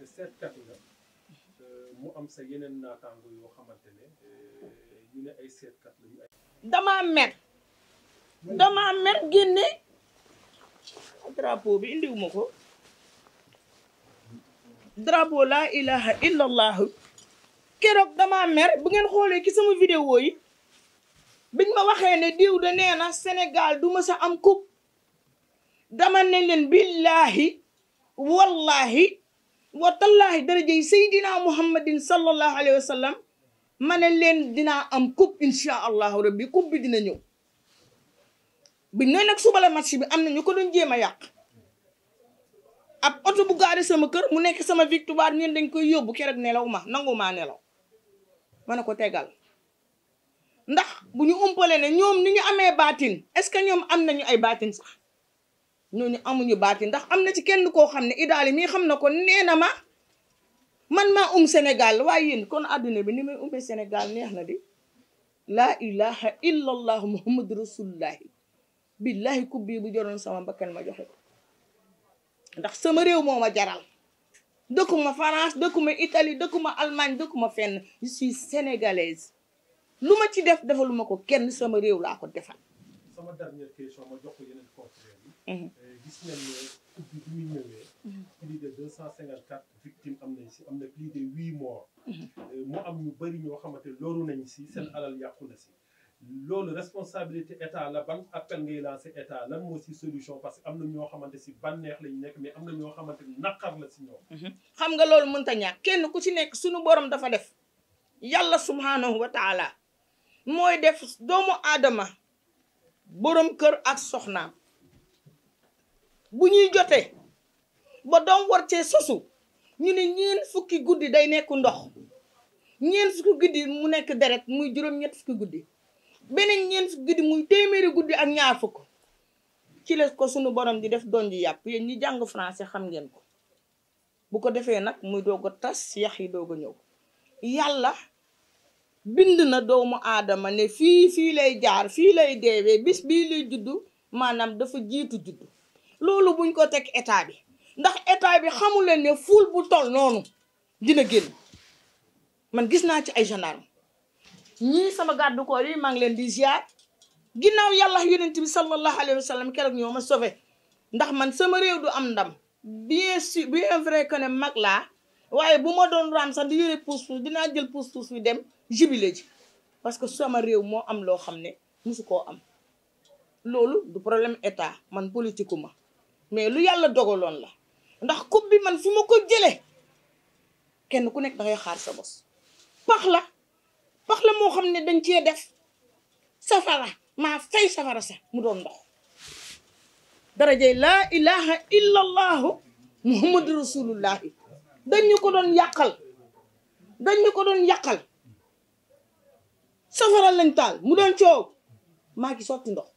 te euh, am sa yeneen naataango yoo xamante ne euh, ñu ne ay seetkat lañu ay damaa mer damaa mer génne drapeau bi ko drapo la ilaha illa allahu keroog damaa mer bu ngeen xoolee ci sama vidéo yi biñ ma waxee ne diw de nee Sénégal du ma sa am coupe dama ne leen billahi wallahi wa tallaahi daraja yi saydina muhammadin sallallahu alayhi wa sallam ma ne leen dinaa am coupe insha allahu rabbi coupe bi dina ñëw bi ne nag suba la match bi am na ñu ko doon jéem a yàq ab oto bu gaari sama kër mu nekk sama victoire ñun dañ koy yóbbu keroog nelaw ma nangu maa nelaw ma ne ko tegal ndax bu ñu umpalee ne ñoom ni ñu amee baatin est-ce que ñoom am nañu ay baatin sax ñooñu amuñu baati ndax am na ci kenn koo xam ne idaali mii xam na ko nee na ma man maa um Sénégal waaye yéen kon àdduna bi ni may umee Sénégal neex na di laa ilaha illa allah muhammadu rasulullahi billahi bii bu joroon sama bakkan ma joxe ndax sama réew moo ma jaral dëkkuma France dëkkuma Italie dëkkuma Allemagne dëkkuma fenn je suis sénégalaise lu ma ci def defaluma ko kenn sama réew laa ko defal sama dernière question ma jox ko yeneen confrères yi. Mhm. Euh, gis nañ ne ubbi bi mhm. de deux cent cinquante quatre victimes am nañ si am na plus de huit morts. Mhm. Euh, mu am ñu bëri ñoo xamante loolu nañ si seen alal yàqu na si. loolu responsabilité état la ban appel ngay lancé état lan moo si solution parce que am na ñoo xamante si bànneex lañu nekk mais am na ñoo xamante ni naqar la si ñoom. xam nga loolu mënta ñàkk kenn ku si nekk suñu borom dafa def yàlla subhanahu wa mooy def doomu aadama. boroom kër ak soxnaam bu ñuy jotee ba doom war cee sosu ñu ne ñeent fukki guddi day nekku ndox ñeent fukki guddi mu nekk deret muy juróom-ñett guddi beneen ñeent fukki guddi muy téeméeri guddi ak ñaar fukk ci la ko sunu borom di def doon ji yàpp yéen ñi jàng français xam ngeen ko bu ko defee nag muy doog a tas yax yi doog a ñëw yàlla bind na doomu aadama ne fii fii lay jaar fii lay deewee bis bii lay juddu maanaam dafa jiitu juddu loolu buñ ko teg état bi ndax état bi xamu leen ne ful bu toll noonu dina génn man gis naa ci ay gendarme ñii sama gàddu koor yi maa ngi leen di ziar ginnaaw yàlla yonent bi sallallahu alayhi wa sallam keroog ñoo ma sauvé ndax man sama réew du am ndam bien sûr bien vrai que ne mag laa waaye bu ma doon raam sax di yore pousse pousse dinaa jël pousse pousse bi dem. jubile ci parce que sama réew moo am loo xam ne musu koo am loolu du problème état man politiku ma mais lu yàlla dogaloon la ndax coupe bi man fi ma ko jële kenn ku nekk dangay xaar sa bos pax la pax la moo xam ne dañ cee def safara maa fay safara sax mu doon ndox darajey laa ilaha illa allahu muhammadu rasulullahi dañ ñu ko doon yàqal dañ ñu ko doon yàqal safara lañ taal mu doon coow maa ngi sotti ndox